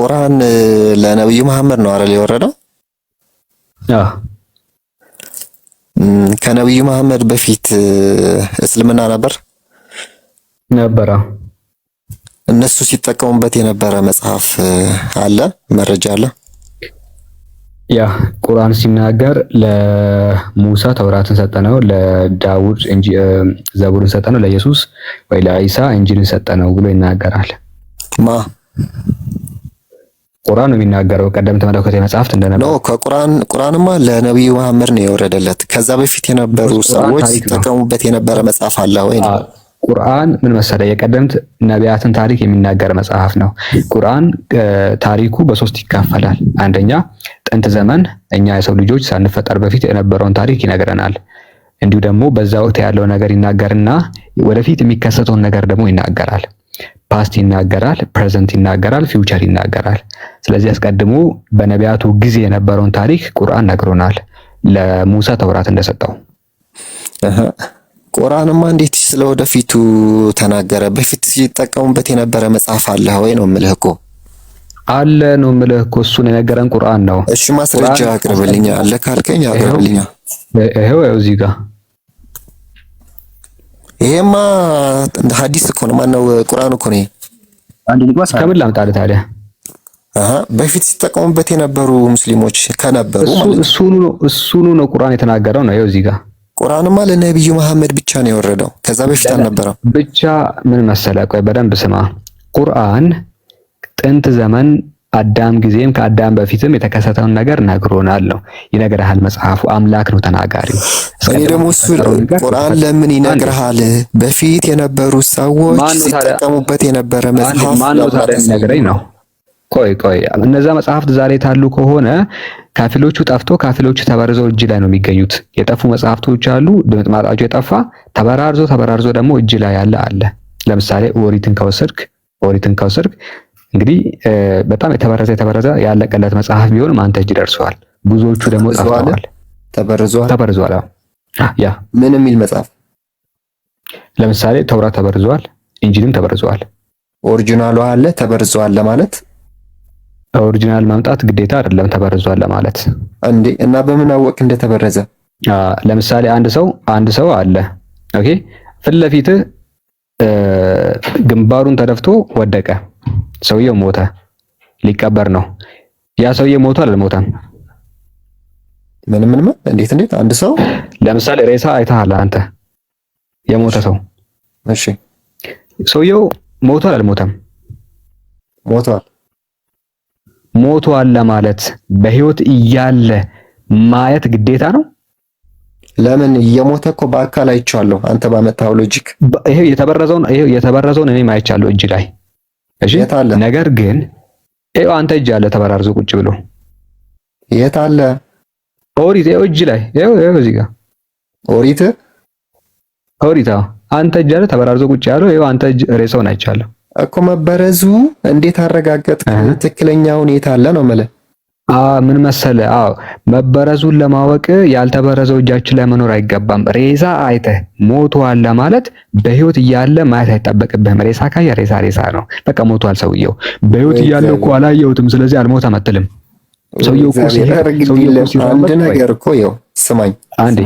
ቁርአን ለነብዩ መሐመድ ነው አይደል የወረደው? ከነብዩ መሐመድ በፊት እስልምና ነበር ነበረ። እነሱ ሲጠቀሙበት የነበረ መጽሐፍ አለ፣ መረጃ አለ። ያ ቁርአን ሲናገር ለሙሳ ተውራትን ሰጠነው፣ ለዳውድ ዘቡርን ሰጠነው፣ ለኢየሱስ ወይ ለኢሳ እንጂልን ሰጠነው ብሎ ይናገራል ማ ቁርአን ነው የሚናገረው። ቀደም መለኮት መጽሐፍት እንደነበረ ከቁርአን ቁርአንማ ለነቢዩ መሐመድ ነው የወረደለት። ከዛ በፊት የነበሩ ሰዎች ሲጠቀሙበት የነበረ መጽሐፍ አለ ወይ? ቁርአን ምን መሰለ የቀደምት ነቢያትን ታሪክ የሚናገር መጽሐፍ ነው። ቁርአን ታሪኩ በሶስት ይካፈላል። አንደኛ ጥንት ዘመን እኛ የሰው ልጆች ሳንፈጠር በፊት የነበረውን ታሪክ ይነግረናል። እንዲሁ ደግሞ በዛ ወቅት ያለው ነገር ይናገርና ወደፊት የሚከሰተውን ነገር ደግሞ ይናገራል። ፓስት ይናገራል፣ ፕሬዘንት ይናገራል፣ ፊውቸር ይናገራል። ስለዚህ አስቀድሞ በነቢያቱ ጊዜ የነበረውን ታሪክ ቁርአን ነግሮናል፣ ለሙሳ ተውራት እንደሰጠው። ቁርአንማ እንዴት ስለ ወደፊቱ ተናገረ? በፊት ሲጠቀሙበት የነበረ መጽሐፍ አለ ወይ ነው የምልህ እኮ አለ ነው የምልህ እኮ እሱን የነገረን ቁርአን ነው። እሺ ማስረጃ አቅርብልኛ፣ አለ ካልከኝ አቅርብልኛ። ይኸው እዚህ ጋር ይሄማ ሐዲስ እኮ ነው። ማነው ቁርአን እኮ ነው። አንድ ከምን ላምጣልህ ታዲያ? በፊት ሲጠቀሙበት የነበሩ ሙስሊሞች ከነበሩ እሱኑ ነው እሱኑ ነው ቁርአን የተናገረው ነው። ይኸው እዚህ ጋር ቁርአንማ ለነብዩ መሐመድ ብቻ ነው የወረደው። ከዛ በፊት አልነበረም። ብቻ ምን መሰለህ፣ ቆይ በደንብ ስማ። ቁርአን ጥንት ዘመን አዳም ጊዜም ከአዳም በፊትም የተከሰተውን ነገር ነግሮናል ነው ይነግርሃል። መጽሐፉ አምላክ ነው ተናጋሪው። እኔ ደግሞ እሱ ቁርአን ለምን ይነግርሃል? በፊት የነበሩ ሰዎች ሲጠቀሙበት የነበረ መጽሐፍ ማን ነው ታዲያ የሚነግረኝ ነው? ቆይ ቆይ እነዛ መጽሐፍት ዛሬ ታሉ ከሆነ ከፊሎቹ ጠፍቶ ከፊሎቹ ተበርዘው እጅ ላይ ነው የሚገኙት። የጠፉ መጽሐፍቶች አሉ፣ ድምጥማጣቸው የጠፋ ተበራርዞ ተበራርዞ ደግሞ እጅ ላይ ያለ አለ። ለምሳሌ ኦሪትን ከወሰድክ ኦሪትን ከወሰድክ እንግዲህ በጣም የተበረዘ የተበረዘ ያለቀለት መጽሐፍ ቢሆንም አንተ እጅ ደርሰዋል። ብዙዎቹ ደግሞ ጠፍተዋል፣ ተበርዘዋል፣ ተበርዘዋል። ያ ምን የሚል መጽሐፍ ለምሳሌ ተውራት ተበርዘዋል፣ ኢንጂልም ተበርዘዋል። ኦሪጂናሉ አለ ተበርዘዋል ለማለት ኦሪጂናል ማምጣት ግዴታ አይደለም ተበርዟል ለማለት እንዴ። እና በምን አወቅ እንደተበረዘ? ለምሳሌ አንድ ሰው አንድ ሰው አለ ኦኬ፣ ፊት ለፊት ግንባሩን ተደፍቶ ወደቀ። ሰውየው ሞተ፣ ሊቀበር ነው። ያ ሰውየው ሞቶ አልሞተም። ምን ምን ምን? እንዴት እንዴት? አንድ ሰው ለምሳሌ ሬሳ አይተሃል አንተ፣ የሞተ ሰው። እሺ፣ ሰውየው ሞቷል አልሞተም? ሞቷል። ሞቷል ለማለት በህይወት እያለ ማየት ግዴታ ነው? ለምን እየሞተ እኮ በአካል አይቼዋለሁ። አንተ ባመጣው ሎጂክ ይሄ የተበረዘውን እኔ አይቻለሁ እጅ ላይ እሺ ነገር ግን ይኸው አንተ እጅ አለ ተበራርዞ ቁጭ ብሎ የት አለ ኦሪት? ይኸው እጅ ላይ ይኸው ይኸው እዚህ ጋር ኦሪት ኦሪት። አንተ እጅ አለ ተበራርዞ ቁጭ ያለው ይኸው አንተ እጅ ሬሳውን አይቻለሁ እኮ መበረዙ እንዴት አረጋገጥ? ትክክለኛውን የት አለ ነው ማለት ምን መሰለ፣ አዎ መበረዙን ለማወቅ ያልተበረዘው እጃችን ላይ መኖር አይገባም። ሬሳ አይተህ ሞቷል ለማለት በህይወት እያለ ማየት አይጠበቅብህም። ሬሳ ካየህ ሬሳ ሬሳ ነው፣ በቃ ሞቷል ሰውየው። በህይወት እያለ እኮ አላየሁትም፣ ስለዚህ አልሞተም አትልም። ሰውየው እኮ አንድ ነገር እኮ ይኸው፣ ስማኝ አንዴ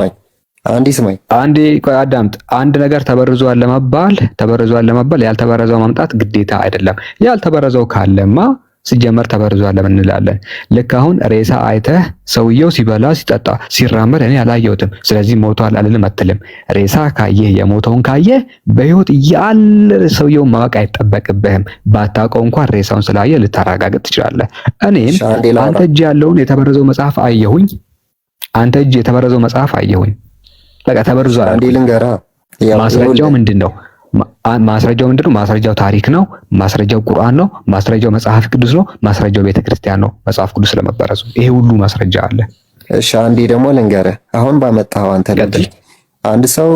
አንዴ ስማኝ አንዴ ቆይ አዳምጥ። አንድ ነገር ተበርዟል ለመባል ተበርዟል ለመባል ያልተበረዘው ማምጣት ግዴታ አይደለም። ያልተበረዘው ካለማ ሲጀመር ተበርዟል ለምን እንላለን? ልክ አሁን ሬሳ አይተህ ሰውየው ሲበላ ሲጠጣ ሲራመድ እኔ አላየሁትም ስለዚህ ሞቷል አልልም አትልም። ሬሳ ካየህ የሞተውን ካየህ በህይወት ያለ ሰውየው ማወቅ አይጠበቅብህም። ባታውቀው እንኳን ሬሳውን ስላየ ልታረጋግጥ ትችላለህ። እኔም አንተ እጅ ያለውን የተበረዘው መጽሐፍ አየሁኝ፣ አንተ እጅ የተበረዘው መጽሐፍ አየሁኝ። በቃ ተበርዟል። ማስረጃው ምንድን ነው? ማስረጃው ምንድን ነው? ማስረጃው ታሪክ ነው። ማስረጃው ቁርአን ነው። ማስረጃው መጽሐፍ ቅዱስ ነው። ማስረጃው ቤተክርስቲያን ነው። መጽሐፍ ቅዱስ ለመበረዙ ይሄ ሁሉ ማስረጃ አለ። እሺ አንዴ ደግሞ ልንገርህ፣ አሁን ባመጣኸው አንተ ልጅ አንድ ሰው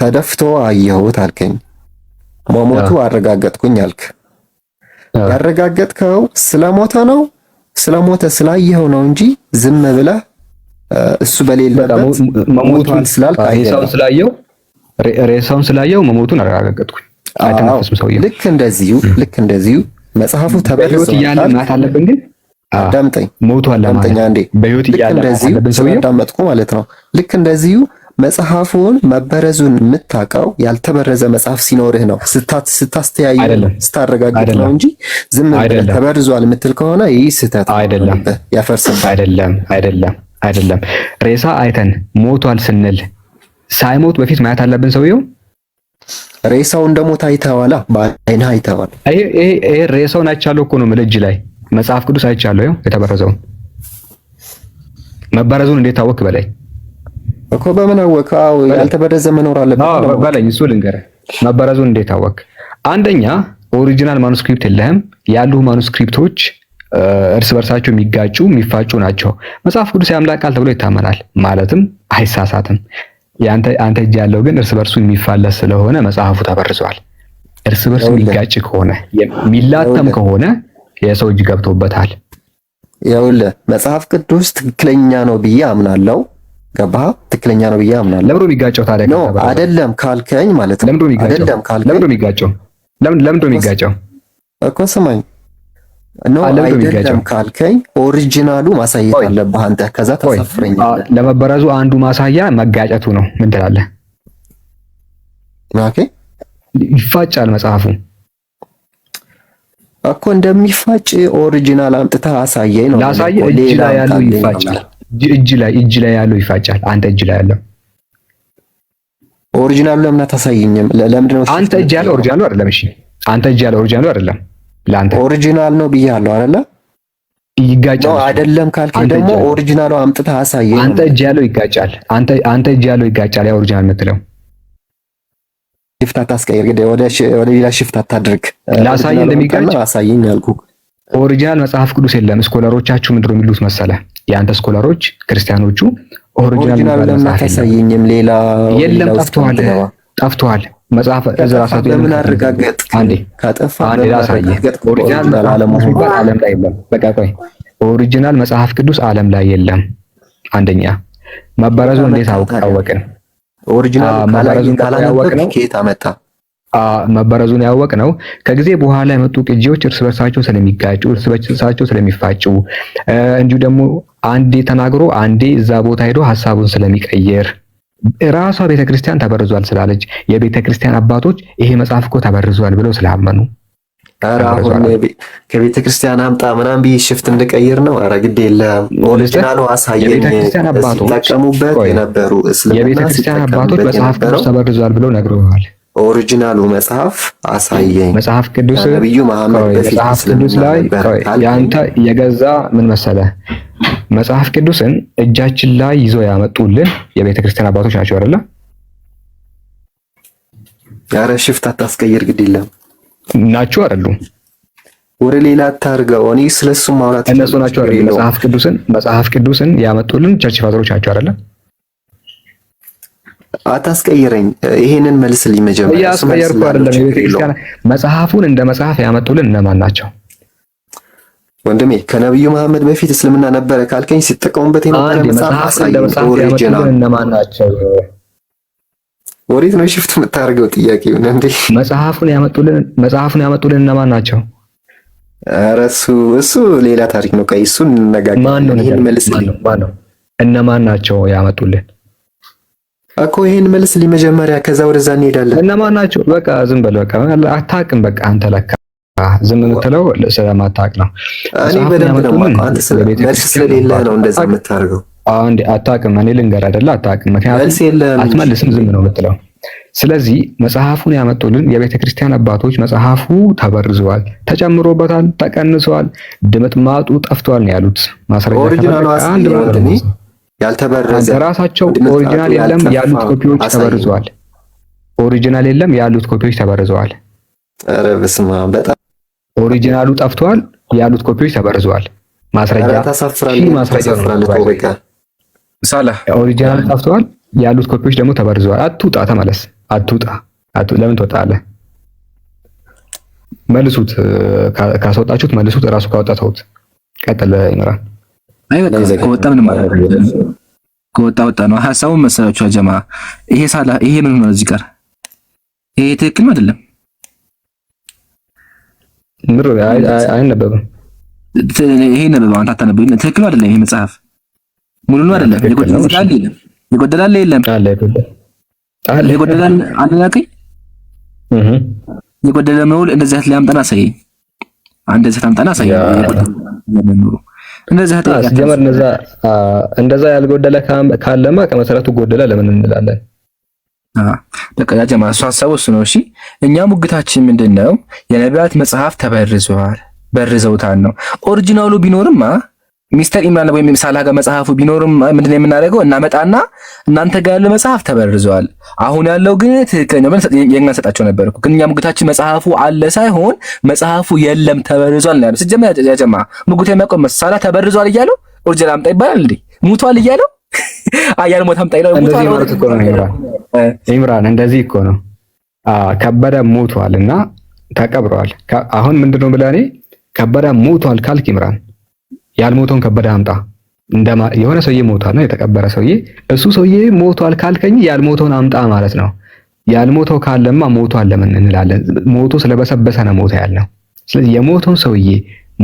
ተደፍቶ አየሁት አልከኝ፣ መሞቱ አረጋገጥኩኝ አልክ። ያረጋገጥከው ስለሞተ ነው ስለሞተ ስላየኸው ነው እንጂ ዝም ብለህ እሱ በሌለበት መሞቱን ስላልክ ስላየው ሬሳውን ስላየው መሞቱን አረጋገጥኩኝ። አይተናፈስም ሰውዬው። ልክ እንደዚሁ ልክ እንደዚሁ መጽሐፉ ተበህይወት እያለ ማት አለብን ግን አዳምጠኝ፣ አለ ማለት አንዴ በህይወት እያለ እንደዚሁ ሰውዬው አዳመጥኩ ማለት ነው። ልክ እንደዚሁ መጽሐፉን መበረዙን የምታውቀው ያልተበረዘ መጽሐፍ ሲኖርህ ነው። ስታት ስታስተያየ ስታረጋግጥ ነው እንጂ ዝም ብለህ ተበርዟል የምትል ከሆነ ይህ ስህተት አይደለም፣ ያፈርስም አይደለም አይደለም አይደለም። ሬሳ አይተን ሞቷል ስንል ሳይሞት በፊት ማየት አለብን። ሰውየው ሬሳው እንደሞት አይተዋላ፣ በአይንህ አይተዋል። ይሄ ሬሳውን አይቻለሁ እኮ ነው ምልጅ ላይ መጽሐፍ ቅዱስ አይቻለሁ። ይኸው የተበረዘውን መበረዙን እንዴት ታወቅ በላይ እኮ በምን አወቅ? አዎ ያልተበረዘ መኖር አለበት በለኝ። እሱ ልንገረ መበረዙን እንዴት ታወቅ? አንደኛ ኦሪጂናል ማኑስክሪፕት የለህም። ያሉ ማኑስክሪፕቶች እርስ በርሳቸው የሚጋጩ የሚፋጩ ናቸው። መጽሐፍ ቅዱስ የአምላክ ቃል ተብሎ ይታመናል፣ ማለትም አይሳሳትም። አንተ እጅ ያለው ግን እርስ በርሱ የሚፋለስ ስለሆነ መጽሐፉ ተበርዟል። እርስ በርሱ የሚጋጭ ከሆነ የሚላተም ከሆነ የሰው እጅ ገብቶበታል። ይኸውልህ መጽሐፍ ቅዱስ ትክክለኛ ነው ብዬ አምናለሁ። ገባህ? ትክክለኛ ነው ብዬ አምናለሁ። ለምንድን ነው የሚጋጨው ታዲያ? አይደለም ካልከኝ ማለት ነው። ለምንድን ነው የሚጋጨው? ለምንድን ነው የሚጋጨው እኮ ስማኝ ነው አይደለም ካልከኝ ኦሪጂናሉ ማሳየት አለብህ አንተ። ከዛ ታሳፍረኛለህ። ለመበረዙ አንዱ ማሳያ መጋጨቱ ነው። ምን ትላለህ? ኦኬ ይፋጫል መጽሐፉ እኮ እንደሚፋጭ ኦሪጂናል አምጥተህ አሳየኝ ነው። ላሳየህ እጅ ላይ ያለው ይፋጫል። እጅ ላይ እጅ ላይ ያለው ይፋጫል። አንተ እጅ ላይ ያለው ኦሪጂናሉ ለምን አታሳየኝም? ለምንድን ነው አንተ እጅ ያለው ኦሪጂናሉ አይደለም። እሺ አንተ እጅ ያለው ኦሪጂናሉ አይደለም ለአንተ ኦሪጂናል ነው ብያለሁ አይደለ? ይጋጫል። አይደለም ካልከኝ ደግሞ ኦሪጂናሉ አምጥተህ አሳየኝ። አንተ እጅ ያለው ይጋጫል። አንተ አንተ እጅ ያለው ይጋጫል። ያ ኦሪጂናል የምትለው ሽፍታ ታስቀይር፣ ወደ ወደ ሌላ ሽፍታ ታድርግ። ላሳየህ እንደሚጋጭ አሳየኝ አልኩህ። ኦሪጂናል መጽሐፍ ቅዱስ የለም። ስኮላሮቻችሁ ምንድን ነው የሚሉት መሰለ የአንተ ስኮላሮች ክርስቲያኖቹ ኦሪጂናል መጽሐፍ የለም። ሌላ የለም። ጠፍተዋል፣ ጠፍተዋል መጽሐፈ ዕዝራ ለምን አረጋገጥ? አንዴ ካጠፋ አንዴ ኦሪጂናል ዓለም ዓለም ላይ የለም። በቃ ቆይ ኦሪጂናል መጽሐፍ ቅዱስ ዓለም ላይ የለም። አንደኛ መበረዙ እንዴት አወቅን? ኦሪጂናል ከየት አመጣ? መበረዙን ያወቅ ነው ከጊዜ በኋላ የመጡ ቅጂዎች እርስ በርሳቸው ስለሚጋጩ እርስ በርሳቸው ስለሚፋጩ እንዲሁ ደግሞ አንዴ ተናግሮ አንዴ እዛ ቦታ ሄዶ ሀሳቡን ስለሚቀየር ራሷ ቤተክርስቲያን ተበርዟል ስላለች የቤተክርስቲያን አባቶች ይሄ መጽሐፍ እኮ ተበርዟል ብለው ስላመኑ ከቤተክርስቲያን ከቤተ ክርስቲያን አምጣ ምናም ብዬ ሽፍት እንድቀይር ነው። ኧረ ግድ የለም ኦሪጂናሉ አሳየኝ። ሲጠቀሙበት የነበሩ የቤተ ክርስቲያን አባቶች መጽሐፍ ቅዱስ ተበርዟል ብለው ነግረዋል። ኦሪጂናሉ መጽሐፍ አሳየኝ። መጽሐፍ ቅዱስ ነብዩ መሐመድ በፊት መጽሐፍ ቅዱስ ላይ ያንተ የገዛ ምን መሰለህ መጽሐፍ ቅዱስን እጃችን ላይ ይዘው ያመጡልን የቤተ ክርስቲያን አባቶች ናቸው አይደለ? ያረ ሽፍት አታስቀየር፣ ግድ የለም ናችሁ አይደሉ? ወደ ሌላ አታርገው። እኔ ስለሱ ማውራት እነሱ ናቸው አይደሉ? መጽሐፍ ቅዱስን መጽሐፍ ቅዱስን ያመጡልን ቸርች ፋዘሮች ናቸው አይደለ? አታስቀይረኝ። ይሄንን መልስልኝ መጀመሪያ። ያስቀየርኩ አይደለም። የቤተ ክርስቲያን መጽሐፉን እንደ መጽሐፍ ያመጡልን እነማን ናቸው? ወንድሜ ከነብዩ መሐመድ በፊት እስልምና ነበረ ካልከኝ ሲጠቀሙበት የነበረ መጽሐፍ አሳየኝ። ኦሪጅና እነማን ናቸው? ወዴት ነው ሽፍት የምታደርገው? ጥያቄ እንዴ! መጽሐፉን ያመጡልን መጽሐፉን ያመጡልን እነማን ናቸው? ኧረ እሱ እሱ ሌላ ታሪክ ነው። ቆይ እሱን እንነጋገራለን። ይሄን መልስ መልስልኝ። እነማን ናቸው ያመጡልን እኮ ይሄን መልስ ሊመጀመሪያ ከዛ ወደዛ እንሄዳለን። እነማን ናቸው? በቃ ዝም በል በቃ አታውቅም። በቃ አንተ ለካ ዝም የምትለው ስለማታውቅ ነው። እኔ በደንብ ነው ስለሌለ ነው እንደዛ የምታደርገው። አንዴ አታውቅም፣ እኔ ልንገር አይደለ? አታውቅም፣ ምክንያቱም አትመልስም፣ ዝም ነው የምትለው። ስለዚህ መጽሐፉን ያመጡልን የቤተ ክርስቲያን አባቶች መጽሐፉ ተበርዘዋል፣ ተጨምሮበታል፣ ተቀንሰዋል፣ ድምጥማጡ ጠፍቷል ነው ያሉት። ማስረጃ ራሳቸው ኦሪጂናል የለም ያሉት ኮፒዎች ተበርዘዋል። ኦሪጂናል የለም ያሉት ኮፒዎች ተበርዘዋል። ኧረ በስመ አብ በጣም ኦሪጂናሉ ጠፍቷል ያሉት ኮፒዎች ተበርዘዋል። ማስረጃ ኦሪጂናሉ ጠፍተዋል ያሉት ኮፒዎች ደግሞ ተበርዘዋል። አትውጣ ተመለስ፣ አትውጣ። ለምን ትወጣለህ? መልሱት። ካስወጣችሁት መልሱት። እራሱ ካወጣ ተውት። ቀጥል ይኖራል። ከወጣ ምንም ከወጣ ወጣ ነው። ሀሳቡን መሰላችሁ ጀማ። ይሄ ሳላ ይሄ ምን ሆነ? እዚህ ቀር ይሄ ትክክል አይደለም። ምር አይነበብም። ይሄ ነበብ አንተ አታነብም። ትክክል አይደለም። ይሄ መጽሐፍ ሙሉ ነው አይደለም። የጎደላል የለም አለ አለ የጎደላል አላቀኝ የጎደለ መውል እንደዚህ አይነት ሊያምጣና ሳይ እንደዚህ ታምጣና ሳይ እንደዛ ያልጎደለ ካለማ ከመሰረቱ ጎደለ ለምን እንላለን? በቃ ጀማ እሱ ሀሳቡ እሱ ነው። እሺ እኛ ሙግታችን ምንድን ነው? የነቢያት መጽሐፍ ተበርዘዋል፣ በርዘውታል ነው። ኦሪጂናሉ ቢኖርማ ሚስተር ኢምራን ወይም ሳላ ጋር መጽሐፉ ቢኖርም ምንድን ነው የምናደርገው? እናመጣና እናንተ ጋር ያለው መጽሐፍ ተበርዘዋል፣ አሁን ያለው ግን ትክክለኛ ብለን የኛ ሰጣቸው ነበር እኮ። ግን እኛ ሙግታችን መጽሐፉ አለ ሳይሆን መጽሐፉ የለም ተበርዟል ነው ያለው። ስጀምር ያጀማ ሙግታ የሚያቆም ሳላ ተበርዟል እያለው ኦሪጂናል አምጣ ይባላል እንዴ? ሙቷል እያለው አያል ሞታም ጠይለው ኢምራን እንደዚህ እኮ ነው። ከበደ ሞቷል እና ተቀብረዋል። አሁን ምንድነው ብለህ እኔ ከበደ ሞቷል ካልክ ኢምራን ያልሞተውን ከበደ አምጣ። እንደማ የሆነ ሰውዬ ሞቷል ነው የተቀበረ ሰውዬ እሱ ሰውዬ ሞቷል ካልከኝ ያልሞተውን አምጣ ማለት ነው። ያልሞተው ካለማ ሞቷል ለምን እንላለን? ሞቶ ስለበሰበሰ ነው ሞታ ያለው ስለዚህ የሞተውን ሰውዬ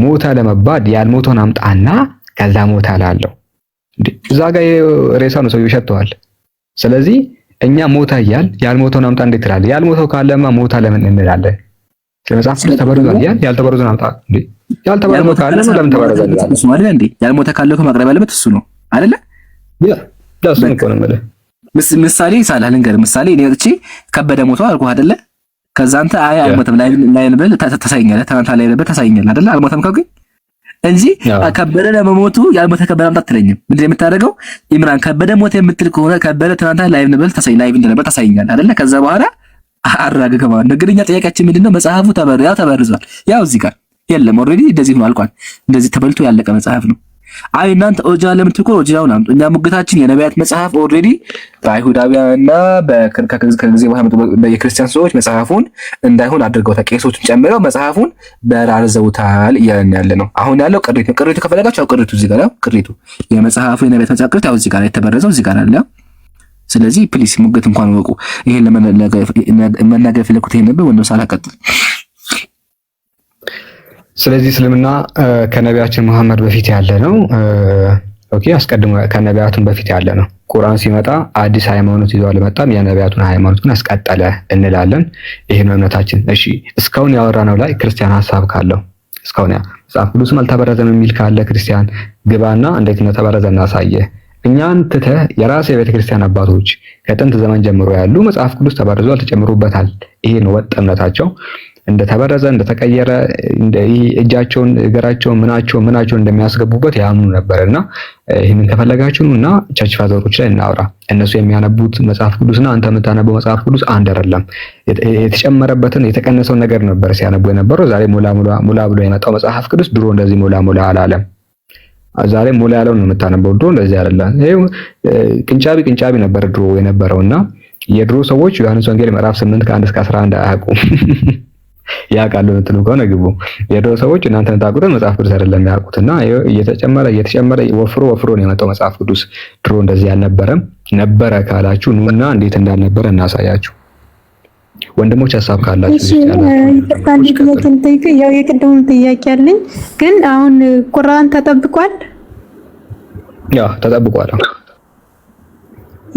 ሞታ ለመባድ ያልሞተውን አምጣና ከዛ ሞታ ላለው እዛ ጋር ሬሳ ነው ሰው ይሸተዋል። ስለዚህ እኛ ሞታ እያል ያልሞተውን አምጣ እንዴት ትላለህ? ያልሞተው ካለማ ሞታ ለምን እንላለን? ስለመጽሐፍ ቅዱስ ተበርዟል እያል ያልተበረዘውን አምጣ እንዴ? ያልተበረዘው ካለ ለምን ተበረዘ እንላለን? እሱ አይደል እንዴ? ያልሞተ ካለው ከማቅረብ ያለበት እሱ ነው አይደለ? ያ ዳስ ነው ቆነ ማለት ምሳሌ ይሳላል። ልንገርህ ምሳሌ እኔ ወጥቼ ከበደ ሞተው አልኩህ አይደለ? ከዛ አንተ አይ አልሞተም ላይ ላይ ነበር ታሳይኛለህ። ትናንት ላይ ነበር ታሳይኛለህ አይደለ? አልሞተም ካልኩኝ እንጂ ከበደ ለመሞቱ ያልሞተ ከበደ አምጣት ትለኝም። ምንድን የምታደርገው ኢምራን ከበደ ሞተ የምትል ከሆነ ከበደ ትናንት ላይቭ ነበር ታሳይ ላይቭ እንደነበር ታሳይኛል አይደለ? ከዛ በኋላ አራግገ ማለት ነው። ግን እኛ ጥያቄያችን ምንድነው? መጽሐፉ ተበርዟል፣ ተበርዟል። ያው እዚህ ጋር የለም ኦልሬዲ እንደዚህ ነው አልቋል። እንደዚህ ተበልቶ ያለቀ መጽሐፍ ነው። አይ እናንተ ኦሪጂና ለምትኮ ኦጃው አምጡ። እኛ ሙግታችን የነቢያት መጽሐፍ ኦልሬዲ በአይሁዳውያንና እና ከጊዜ በኋላ የክርስቲያን ሰዎች መጽሐፉን እንዳይሆን አድርገው ቄሶቹን ጨምረው መጽሐፉን በራርዘውታል እያለን ያለ ነው። አሁን ያለው ቅሪቱ ነው። ቅሪቱ ከፈለጋችሁ ያው ቅሪቱ እዚህ ጋር ነው። ቅሪቱ የመጽሐፉ የነቢያት መጽሐፍ ቅሪቱ ያው እዚህ ጋር የተበረዘው እዚህ ጋር አለ። ስለዚህ ፕሊስ ሙግት እንኳን ወቁ። ይሄን ለመናገር የፈለኩት ይሄን ነበር። ወንድም ሳላቀጥል ስለዚህ እስልምና ከነቢያችን መሐመድ በፊት ያለ ነው። ኦኬ አስቀድሞ ከነቢያቱን በፊት ያለ ነው። ቁርአን ሲመጣ አዲስ ሃይማኖት ይዞ አልመጣም፣ የነቢያቱን ሃይማኖት ግን አስቀጠለ እንላለን። ይሄ ነው እምነታችን። እሺ እስካሁን ነው ላይ ክርስቲያን ሀሳብ ካለው እስካሁን ያ መጽሐፍ ቅዱስም አልተበረዘም የሚል ካለ ክርስቲያን ግባና እንዴት እንደተበረዘ እናሳየ። እኛን ትተህ የራስ የቤተ ክርስቲያን አባቶች ከጥንት ዘመን ጀምሮ ያሉ መጽሐፍ ቅዱስ ተበርዟል፣ ተጨምሮበታል። ይሄ ነው ወጥ እምነታቸው። እንደተበረዘ እንደተቀየረ እጃቸውን እግራቸውን ምናቸው ምናቸውን እንደሚያስገቡበት ያምኑ ነበር እና ይህንን ከፈለጋችሁ እና ቸርች ፋዘሮች ላይ እናውራ። እነሱ የሚያነቡት መጽሐፍ ቅዱስና አንተ የምታነበው መጽሐፍ ቅዱስ አንድ አይደለም። የተጨመረበትን የተቀነሰውን ነገር ነበር ሲያነቡ የነበረው። ዛሬ ሙላ ብሎ የመጣው መጽሐፍ ቅዱስ ድሮ እንደዚህ ሙላ ሙላ አላለም። ዛሬ ሙላ ያለው ነው የምታነበው። ድሮ እንደዚህ አይደለም። ይ ቅንጫቢ ቅንጫቢ ነበር ድሮ የነበረውና የድሮ ሰዎች ዮሐንስ ወንጌል ምዕራፍ 8 ከ1 እስከ 11 አያውቁም። ያውቃሉ የምትሉ ከሆነ ግቡ። የድሮ ሰዎች እናንተ የምታውቁትን መጽሐፍ ቅዱስ አይደለም የሚያውቁት እና እየተጨመረ እየተጨመረ ወፍሮ ወፍሮ ነው የመጣው መጽሐፍ ቅዱስ። ድሮ እንደዚህ አልነበረም። ነበረ ካላችሁ ኑና እንዴት እንዳልነበረ እናሳያችሁ። ወንድሞች ሀሳብ ካላችሁ ያው የቅድሙን ጥያቄ አለኝ ግን አሁን ቁርአን ተጠብቋል። ያ ተጠብቋል።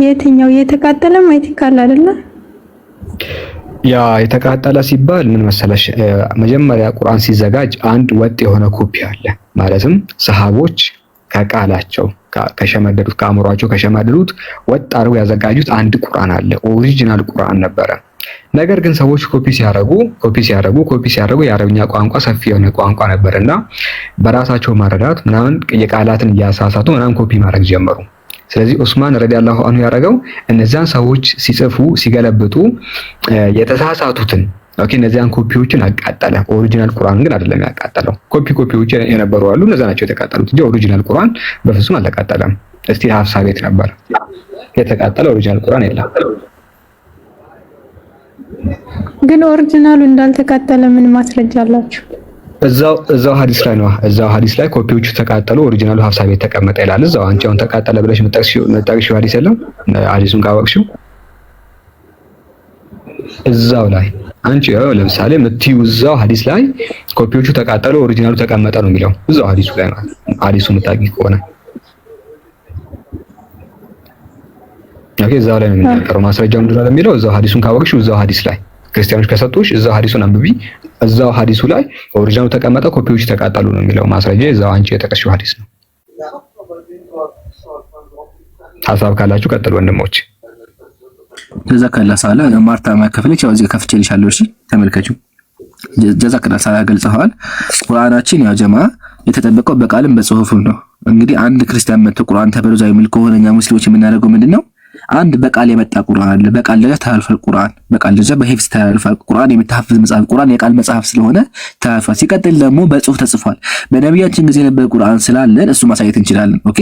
የትኛው የተቃጠለም አይቲካል አይደለ ያ የተቃጠለ ሲባል ምን መሰለሽ፣ መጀመሪያ ቁርአን ሲዘጋጅ አንድ ወጥ የሆነ ኮፒ አለ። ማለትም ሰሃቦች ከቃላቸው ከሸመደዱት ከአእምሯቸው ከሸመደዱት ወጥ አድርገው ያዘጋጁት አንድ ቁርአን አለ። ኦሪጂናል ቁርአን ነበረ። ነገር ግን ሰዎች ኮፒ ሲያረጉ ኮፒ ሲያረጉ ኮፒ ሲያረጉ የአረብኛ ቋንቋ ሰፊ የሆነ ቋንቋ ነበርና በራሳቸው መረዳት ምናምን የቃላትን እያሳሳቱ ምናምን ኮፒ ማድረግ ጀመሩ። ስለዚህ ዑስማን ረዲየላሁ አንሁ ያደረገው እነዚያን ሰዎች ሲጽፉ ሲገለብጡ የተሳሳቱትን ኦኬ እነዚያን ኮፒዎችን አቃጠለ። ኦሪጂናል ቁርአን ግን አይደለም ያቃጠለው። ኮፒ ኮፒዎች የነበሩ አሉ፣ እነዛ ናቸው የተቃጠሉት እንጂ ኦሪጂናል ቁርአን በፍጹም አልተቃጠለም። እስቲ ሀፍሳ ቤት ነበር የተቃጠለ ኦሪጂናል ቁርአን የለም። ግን ኦሪጂናሉ እንዳልተቃጠለ ምን ማስረጃ አላችሁ? እዛው ሀዲስ ላይ ነው። እዛው ሀዲስ ላይ ኮፒዎቹ ተቃጠሉ፣ ኦሪጂናሉ ሀብሳ ቤት ተቀመጠ ይላል። እዛው አንቺ አሁን ተቃጠለ ብለሽ መጠቅሽው ሀዲስ የለም። ሀዲሱን ካወቅሽው እዛው ላይ አንቺ ያው ለምሳሌ ምትዩ እዛው ሀዲስ ላይ ኮፒዎቹ ተቃጠሉ፣ ኦሪጂናሉ ተቀመጠ ነው የሚለው እዛው ሀዲሱ ላይ ነው። ሀዲሱ ምታቂ ከሆነ ኦኬ፣ እዛው ላይ ነው የሚናገረው። ማስረጃው ምንድነው የሚለው እዛው ሀዲሱን ካወቅሽው እዛው ሀዲስ ላይ ክርስቲያኖች ከሰጡሽ እዛው ሀዲሱን አንብቢ። እዛው ሀዲሱ ላይ ኦሪጂናሉ ተቀመጠ፣ ኮፒዎች ተቃጠሉ ነው የሚለው ማስረጃ። እዛው አንቺ የጠቀስሽው ሀዲስ ነው። ሀሳብ ካላችሁ ቀጥሉ ወንድሞች። ጀዛከላ ሳለ ማርታ ማከፈለች። ያው እዚህ ከፍቼልሻለሁ። እሺ ተመልከቹ። ጀዛከላ ሳለ ገልጸዋል። ቁርአናችን ያው ጀማ የተጠበቀው በቃልም በጽሁፍም ነው። እንግዲህ አንድ ክርስቲያን መጥቶ ቁርአን ተበርዟ የሚል ከሆነ እኛ ሙስሊሞች የምናደርገው ምንድን ነው? አንድ በቃል የመጣ ቁርአን አለ። በቃል ደረጃ ተላልፏል ቁርአን በቃል ደረጃ በሂፍዝ ተላልፏል ቁርአን የሚታፈዝ መጽሐፍ ቁርአን የቃል መጽሐፍ ስለሆነ ተላልፏል። ሲቀጥል ደግሞ በጽሁፍ ተጽፏል። በነቢያችን ጊዜ የነበረ ቁርአን ስላለን እሱ ማሳየት እንችላለን። ኦኬ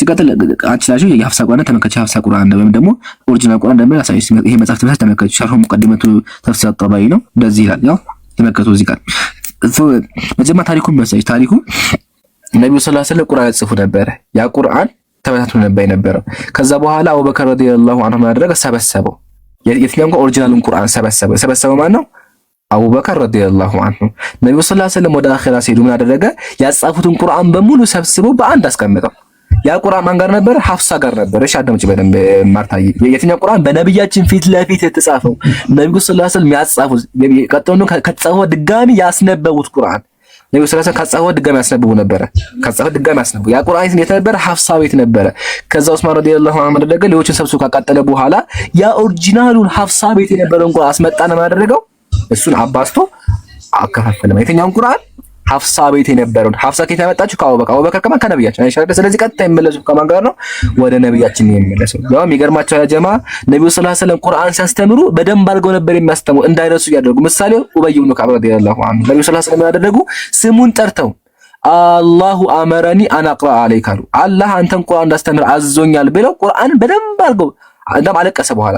ሲቀጥል አንችላችሁ የሀፍሳ ቁርአን ተመከቹ የሀፍሳ ቁርአን ወይም ደግሞ ኦሪጂናል ቁርአን ደግሞ ያሳዩ ይሄ መጽሐፍ ተመሳሳይ ተመከቹ ሸርሁ ሙቀዲመቱ ተፍሲር ጠባይ ነው። በዚህ ይላል ያው ተመከቱ እዚህ ጋር መጀመሪያ ታሪኩን መሳይ ታሪኩ ነቢዩ ሰለላሁ ዐለይሂ ወሰለም ቁርአን ጽፉ ነበረ ያ ቁርአን ተበታትኖ ነበር የነበረ። ከዛ በኋላ አቡበከር ረዲየላሁ ዐንሁ ማድረገ ሰበሰበው። የትኛውን ጋር ኦሪጂናሉን ቁርአን ሰበሰበ። ሰበሰበው ማን ነው? አቡበከር ረዲየላሁ ዐንሁ። ነቢዩ ሰለላሁ ዐለይሂ ወሰለም ወደ አኺራ ሲሄዱ ምን አደረገ? ያጻፉትን ቁርአን በሙሉ ሰብስቦ በአንድ አስቀምጠው። ያ ቁርአን ማን ጋር ነበር? ሐፍሳ ጋር ነበር። እሺ አዳምጪ በደንብ ማርታዬ። የትኛው ቁርአን? በነብያችን ፊት ለፊት የተጻፈው ነቢዩ ሰለላሁ ዐለይሂ ወሰለም ያጻፉት፣ ቀጥሎ ከተጻፈው ድጋሚ ያስነበቡት ቁርአን ነብዩ ሰለላሁ ዐለይሂ ወሰለም ከጻፈው ድጋሚ ያስነብቡ ነበረ። ከጻፈው ድጋሚ ያስነብቡ ያ ቁርአን የት ነበረ? ሐፍሳ ቤት ነበረ። ከዛ ዑስማን ረዲየላሁ ዐንሁ አደረገ። ሌሎችን ሰብስቦ ካቃጠለ በኋላ ያ ኦሪጂናሉን ሐፍሳ ቤት የነበረውን ቁርአን አስመጣና ማደረገው እሱን አባስቶ አከፋፈለ። የትኛውን ቁርአን ሀፍሳ ቤት የነበረውን ሀፍሳ ከየት ያመጣችሁ? ከአቡበከር አቡበከር ከማን ከነቢያችን አይሻ። ስለዚህ ቀጥታ የሚመለሱ ከማን ጋር ነው? ወደ ነቢያችን የሚመለሱ ያው የሚገርማቸው ያ ጀማ ነቢዩ ሰለላሁ ዐለይሂ ወሰለም ቁርአን ሲያስተምሩ በደንብ አድርገው ነበር የሚያስተምሩ እንዳይረሱ እያደረጉ ምሳሌ ኡበይ ብኑ ካዕብ ረዲየላሁ ዐንሁ ነቢዩ ሰለላሁ ዐለይሂ ወሰለም ያደረጉ ስሙን ጠርተው አላሁ አመረኒ አናቅራ አለይካሉ አላህ አንተን ቁርአን እንዳስተምር አዞኛል ብለው ቁርአን በደንብ አድርገው እንደም አለቀሰ በኋላ